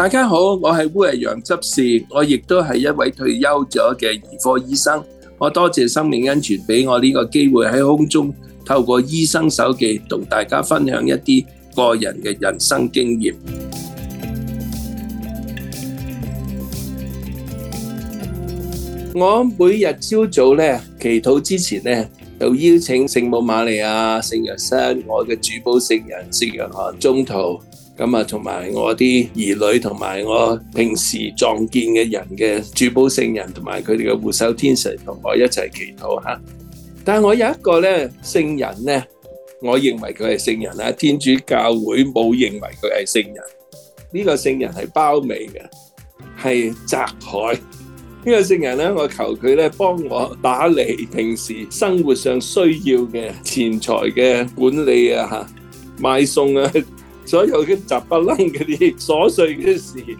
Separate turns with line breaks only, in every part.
大家好，我係烏日陽執事，我亦都係一位退休咗嘅兒科醫生。我多謝生命恩泉俾我呢個機會喺空中透過醫生手記同大家分享一啲個人嘅人生經驗。我每日朝早呢祈禱之前呢，就邀請聖母瑪利亞、聖約翰、我嘅主保聖人聖約翰，中途。咁啊，同埋我啲兒女，同埋我平時撞見嘅人嘅主保聖人，同埋佢哋嘅護守天使，同我一齊祈禱嚇。但係我有一個咧聖人咧，我認為佢係聖人啦，天主教會冇認為佢係聖人。呢個聖人係包尾嘅，係匝凱。呢個聖人咧，我求佢咧幫我打理平時生活上需要嘅錢財嘅管理啊嚇，買餸啊。所有嘅雜不楞嗰啲瑣碎嘅事，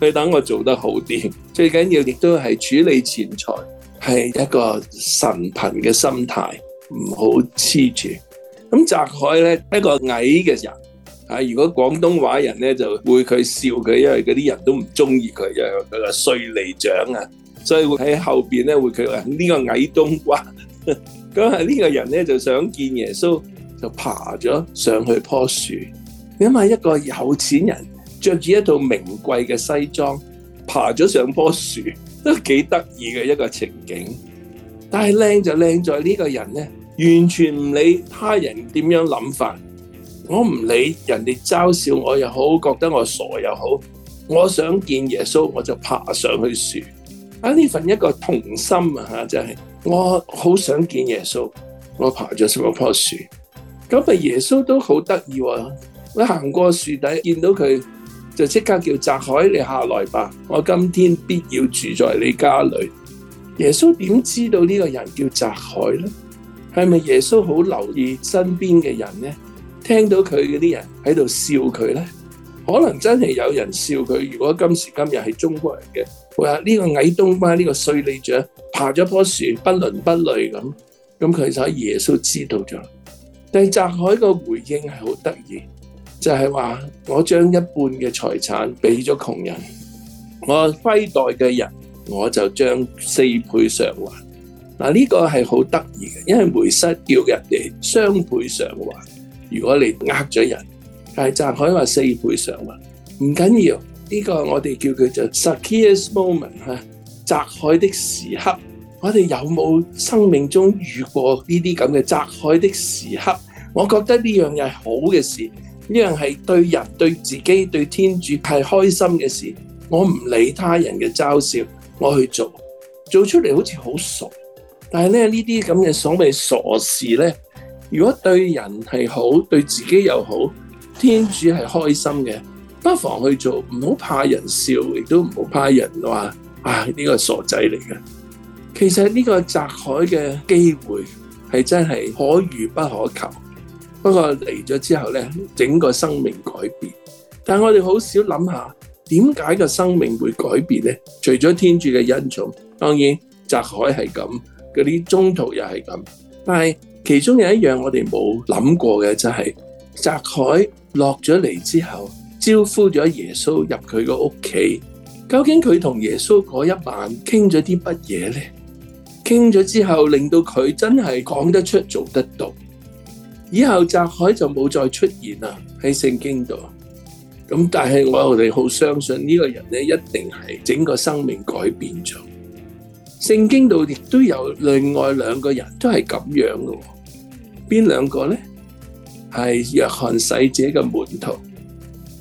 佢等我做得好啲。最緊要亦都係處理錢財，係一個神貧嘅心態，唔好黐住。咁匝凱咧一個矮嘅人，啊，如果廣東話人咧就會佢笑佢，因為嗰啲人都唔中意佢，因為佢個稅吏長啊，所以會喺後邊咧會佢話呢個矮冬瓜。咁啊呢個人咧就想見耶穌，就爬咗上去樖樹。因為一個有錢人着住一套名貴嘅西裝，爬咗上棵樹都幾得意嘅一個情景。但係靚就靚在呢個人咧，完全唔理他人點樣諗法，我唔理人哋嘲笑我又好，覺得我傻又好，我想見耶穌我就爬上去樹。啊，呢份一個童心啊，真、就、係、是、我好想見耶穌，我爬咗上,上棵棵樹。咁啊，耶穌都好得意喎。我行過樹底，見到佢就即刻叫匝凱，你下來吧，我今天必要住在你家裏。耶穌點知道呢個人叫匝凱咧？係咪耶穌好留意身邊嘅人咧？聽到佢嗰啲人喺度笑佢咧，可能真係有人笑佢。如果今時今日係中國人嘅，話呢個矮冬瓜，呢個稅吏長，爬咗棵樹，不倫不類咁，咁佢就係耶穌知道咗。但係匝凱個回應係好得意。就係話，我將一半嘅財產俾咗窮人，我虧待嘅人，我就將四倍償還嗱。呢、這個係好得意嘅，因為梅瑟叫人哋雙倍償還。如果你呃咗人，但係匝凱話四倍償還唔緊要。呢、這個我哋叫佢做 Zacchaeus moment 嚇匝凱的時刻。我哋有冇生命中遇過呢啲咁嘅匝凱的時刻？我覺得呢樣嘢係好嘅事。呢樣係對人、對自己、對天主係開心嘅事，我唔理他人嘅嘲笑，我去做，做出嚟好似好傻，但係咧，呢啲咁嘅所謂傻事咧，如果對人係好，對自己又好，天主係開心嘅，不妨去做，唔好怕人笑，亦都唔好怕人話啊呢個是傻仔嚟嘅。其實呢個匝凱嘅機會係真係可遇不可求。不過嚟咗之後咧，整個生命改變。但係我哋好少諗下，點解個生命會改變咧？除咗天主嘅恩寵，當然匝凱係咁，嗰啲中途又係咁。但係其中有一樣我哋冇諗過嘅，就係、是、匝凱落咗嚟之後，招呼咗耶穌入佢個屋企。究竟佢同耶穌嗰一晚傾咗啲乜嘢咧？傾咗之後，令到佢真係講得出，做得到。以後匝凱就冇再出現啦，喺聖經度咁，但係我哋好相信呢個人咧，一定係整個生命改變咗。聖經度亦都有另外兩個人都是這，都係咁樣嘅。邊兩個咧？係約翰洗者嘅門徒。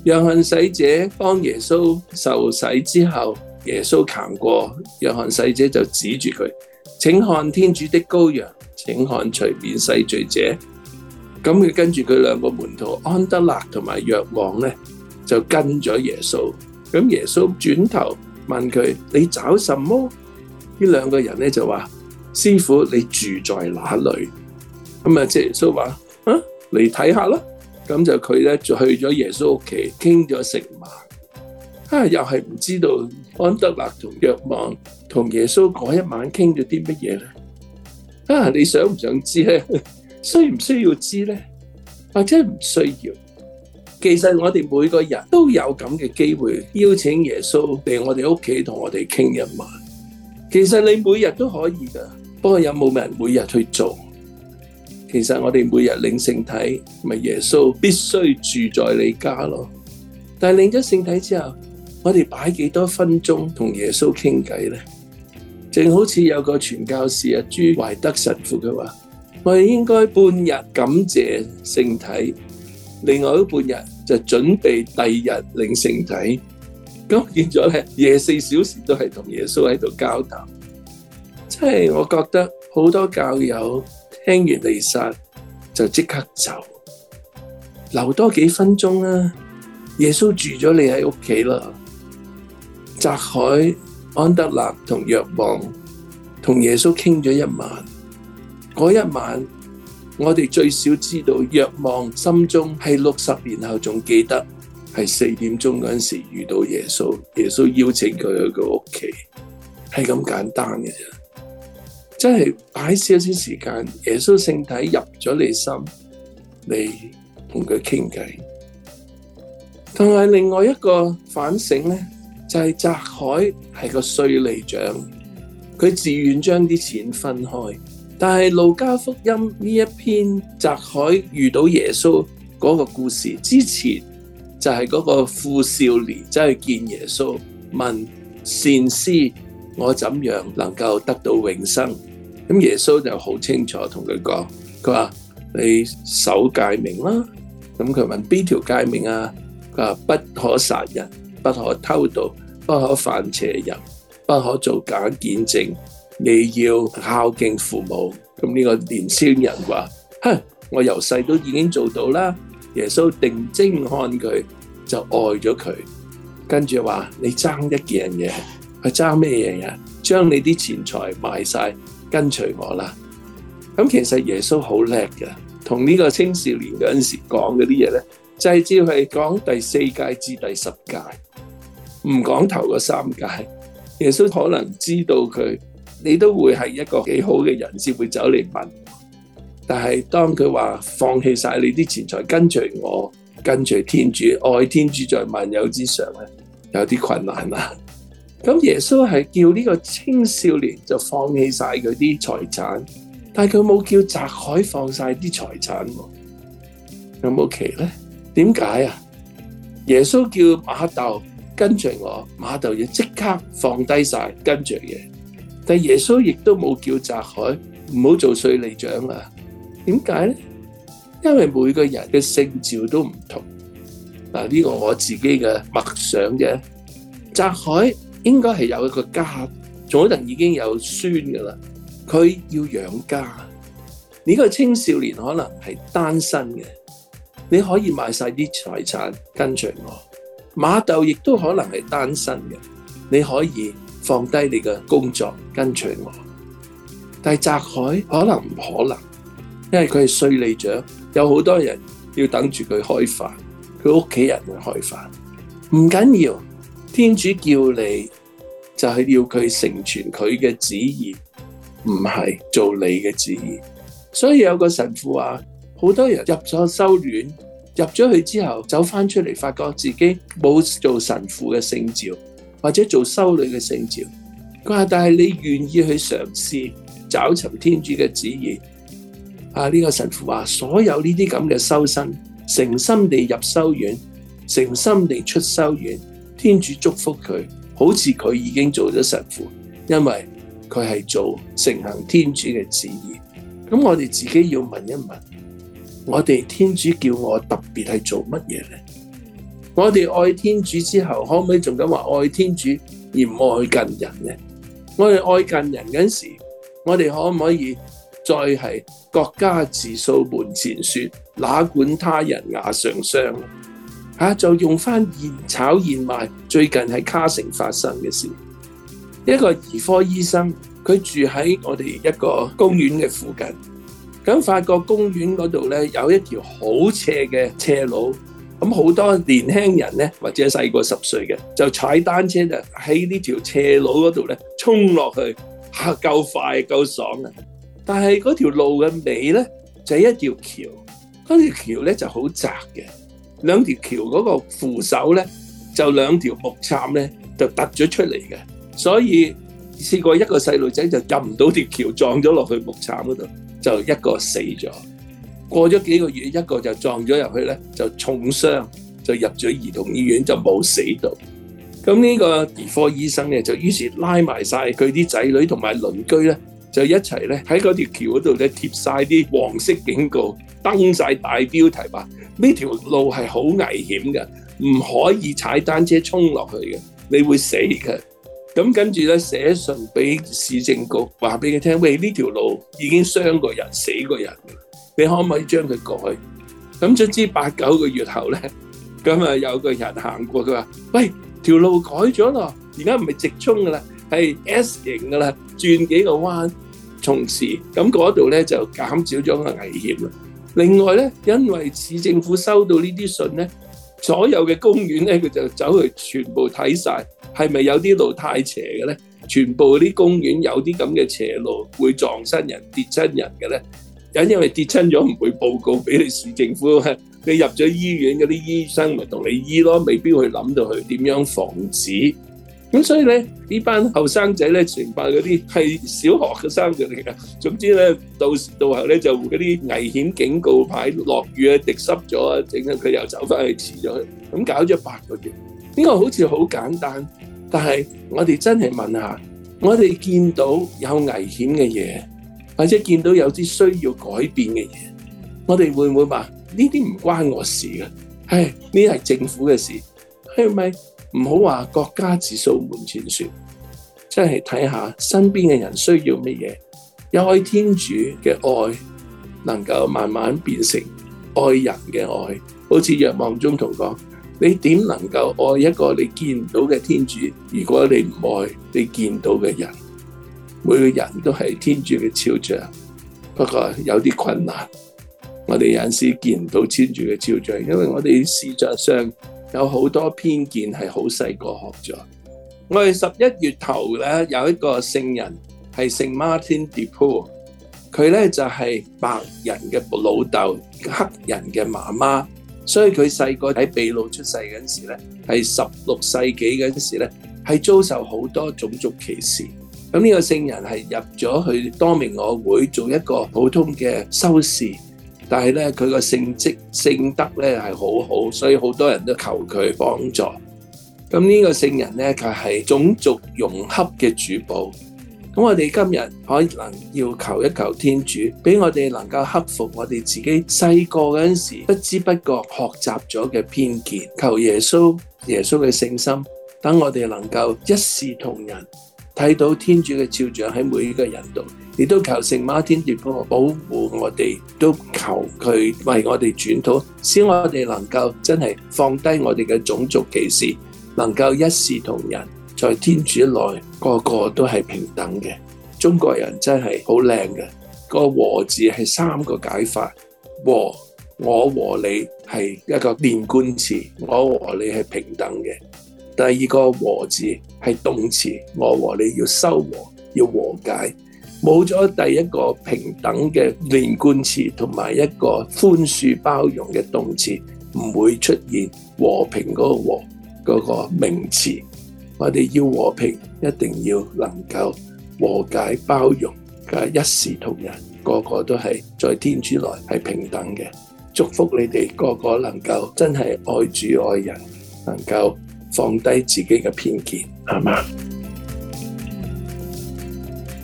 約翰洗者幫耶穌受洗之後，耶穌行過約翰洗者就指住佢：請看天主的羔羊，請看除免世罪者。咁佢跟住佢兩個門徒安德肋同埋若望咧，就跟咗耶穌。咁耶穌轉頭問佢：你找什麼？呢兩個人咧就話：師傅你住在哪裏？咁啊，即係耶穌話：啊，嚟睇下啦。咁就佢咧就去咗耶穌屋企傾咗成晚。啊，又係唔知道安德肋同若望同耶穌嗰一晚傾咗啲乜嘢咧？啊，你想唔想知咧？需唔需要知呢？或者唔需要？其實我哋每個人都有咁嘅機會邀請耶穌嚟我哋屋企同我哋傾一晚。其實你每日都可以噶，不過有冇人每日去做？其實我哋每日領聖體，咪、就是、耶穌必須住在你家咯。但係領咗聖體之後，我哋擺幾多分鐘同耶穌傾偈呢？正好似有個傳教士啊，朱懷德神父佢話。我應該半日感謝聖體，另外一半日就準備第二日領聖體。咁變咗咧，廿四小時都係同耶穌喺度交談。即係我覺得好多教友聽完彌撒就即刻走，留多幾分鐘啦。耶穌住咗你喺屋企啦。匝凱、安德納同若望同耶穌傾咗一晚。嗰一晚，我哋最少知道，若望心中係六十年後仲記得，係四點鐘嗰陣時候遇到耶穌，耶穌邀請佢去個屋企，係咁簡單嘅啫。真係擺少少時間，耶穌聖體入咗你心，你同佢傾偈。同埋另外一個反省咧，就係、是、匝凱係個稅吏長，佢自願將啲錢分開。但係《路加福音》呢一篇匝凱遇到耶穌嗰個故事之前，就係嗰個富少年走去見耶穌，問善師，我怎樣能夠得到永生？咁耶穌就好清楚同佢講，佢話你守誡命啦。咁佢問邊條誡命啊？佢話不可殺人，不可偷盜，不可犯邪淫，不可做假見證。你要孝敬父母，咁呢個年少人話：哼，我由細都已經做到啦。耶穌定睛看佢，就愛咗佢，跟住話：你爭一樣嘢，係爭咩嘢啊？將你啲錢財賣晒，跟隨我啦。咁其實耶穌好叻嘅，同呢個青少年嗰陣時講嗰啲嘢咧，就係只係講第四誡至第十誡，唔講頭嗰三誡。耶穌可能知道佢，你都會係一個幾好嘅人先會走嚟問，但係當佢話放棄晒你啲錢財跟隨我，跟隨天主，愛天主在萬有之上咧，有啲困難啦。咁、嗯、耶穌係叫呢個青少年就放棄晒佢啲財產，但係佢冇叫匝凱放晒啲財產，有冇奇咧？點解啊？耶穌叫瑪竇跟隨我，瑪竇要即刻放低晒，跟住。嘢。但耶穌亦都冇叫匝凱唔好做稅吏長啊？點解咧？因為每個人嘅聖召都唔同。嗱，呢個我自己嘅默想啫。匝凱應該係有一個家，仲可能已經有孫噶啦。佢要養家。呢、這個青少年可能係單身嘅，你可以賣晒啲財產跟住我。瑪竇亦都可能係單身嘅，你可以。放低你嘅工作跟隨我，但係匝凱可能唔可能，因為佢係稅吏長，有好多人要等住佢開飯，佢屋企人開飯。唔緊要，天主叫你就係要佢成全佢嘅旨意，唔係做你嘅旨意。所以有個神父話，好多人入咗修院，入咗去之後走翻出嚟，發覺自己冇做神父嘅聖召，或者做修女嘅聖召，佢話：但係你願意去嘗試找尋天主嘅旨意，啊呢個神父話所有呢啲咁嘅修身，誠心地入修院，誠心地出修院，天主祝福佢，好似佢已經做咗神父，因為佢係做承行天主嘅旨意。咁我哋自己要問一問，我哋天主叫我特別係做乜嘢呢？」我哋愛天主之後，可唔可以仲敢話愛天主而唔愛近人呢？我哋愛近人嗰時候，我哋可唔可以再係國家自掃門前雪，哪管他人瓦上霜，啊？就用翻現炒現賣，最近喺卡城發生嘅事，一個兒科醫生，佢住喺我哋一個公園嘅附近，咁發覺公園嗰度咧有一條好斜嘅斜路。咁好多年輕人咧，或者細個十歲嘅，就踩單車就喺呢條斜路嗰度咧衝落去嚇，夠快夠爽啊！但係嗰條路嘅尾咧就係一條橋，嗰條橋咧就好窄嘅，兩條橋嗰個扶手咧就兩條木杉咧就突咗出嚟嘅，所以試過一個細路仔就入唔到條橋，撞咗落去木杉嗰度就一個死咗。過咗幾個月，一個就撞咗入去咧，就重傷，就入咗兒童醫院，就冇死到。咁呢個兒科醫生咧，就於是拉埋晒佢啲仔女同埋鄰居咧，就一齊咧喺嗰條橋嗰度咧貼晒啲黃色警告，登晒大標題話：呢條路係好危險嘅，唔可以踩單車衝落去嘅，你會死嘅。咁跟住咧寫信俾市政局，話俾佢聽：喂，呢條路已經傷過人，死過人。你可唔可以將佢改？咁總之八九個月後咧，咁啊有個人行過，佢話：喂，條路改咗咯，而家唔係直衝噶啦，係 S 型噶啦，轉幾個彎。從此咁嗰度咧就減少咗個危險。另外咧，因為市政府收到呢啲信咧，所有嘅公園咧佢就走去全部睇晒，係咪有啲路太斜嘅咧？全部啲公園有啲咁嘅斜路會撞親人跌親人嘅咧？因因為跌親咗唔會報告俾你市政府，你入咗醫院嗰啲醫生咪同你醫咯，未必去諗到佢點樣防止。咁所以咧呢班後生仔咧傳發嗰啲係小學嘅生嘅嚟嘅，總之咧到時到後咧就嗰啲危險警告牌落雨啊滴濕咗啊，整下佢又走翻去遲咗。去，咁搞咗八個月，呢個好似好簡單，但係我哋真係問下，我哋見到有危險嘅嘢。或者見到有啲需要改變嘅嘢，我哋會唔會話呢啲唔關我事嘅？唉、哎，呢係政府嘅事，係咪？唔好話各家自掃門前雪，真係睇下身邊嘅人需要乜嘢，有愛天主嘅愛能夠慢慢變成愛人嘅愛。好似若望宗徒講：你點能夠愛一個你見唔到嘅天主？如果你唔愛你見到嘅人。每個人都係天主嘅肖像，不過有啲困難。我哋有陣時見唔到天主嘅肖像，因為我哋視像上有好多偏見，係好細個學咗。我哋十一月頭咧有一個聖人係聖 Martin De Porres，佢咧就係、是、白人嘅老豆、黑人嘅媽媽，所以佢細個喺秘魯出世嗰陣時咧，係十六世紀嗰陣時咧，係遭受好多種族歧視。咁呢個聖人係入咗去多明我會做一個普通嘅修士，但係咧佢個聖跡聖德咧係好好，所以好多人都求佢幫助。咁呢個聖人呢，佢係種族融合嘅主保。咁我哋今日可能要求一求天主，俾我哋能夠克服我哋自己細個嗰陣時不知不覺學習咗嘅偏見，求耶穌耶穌嘅聖心，等我哋能夠一視同仁。睇到天主嘅肖像喺每個人度，亦都求聖馬天主保護我哋，都求佢為我哋轉禱，使我哋能夠真係放低我哋嘅種族歧視，能夠一視同仁，在天主內個個都係平等嘅。中國人真係好靚嘅，個和字係三個解法，和我和你係一個連貫詞，我和你係平等嘅。第二個和字係動詞，我和你要修和，要和解，冇咗第一個平等嘅連貫詞，同埋一個寬恕包容嘅動詞，唔會出現和平嗰個和嗰個名詞。我哋要和平，一定要能夠和解、包容，一視同仁，個個都係在天主內係平等嘅。祝福你哋個個能夠真係愛主愛人，能夠。放低自己嘅偏見，係嘛？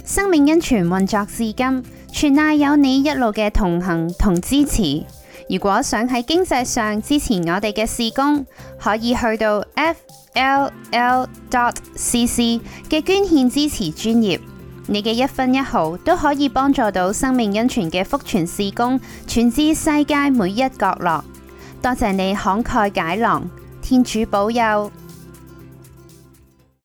生命恩泉運作至今，全賴有你一路嘅同行同支持。如果想喺經濟上支持我哋嘅事工，可以去到 fll.cc 嘅捐獻支持專頁。你嘅一分一毫都可以幫助到生命恩泉嘅福傳事工，傳至世界每一角落。多謝你慷慨解囊。天主保佑。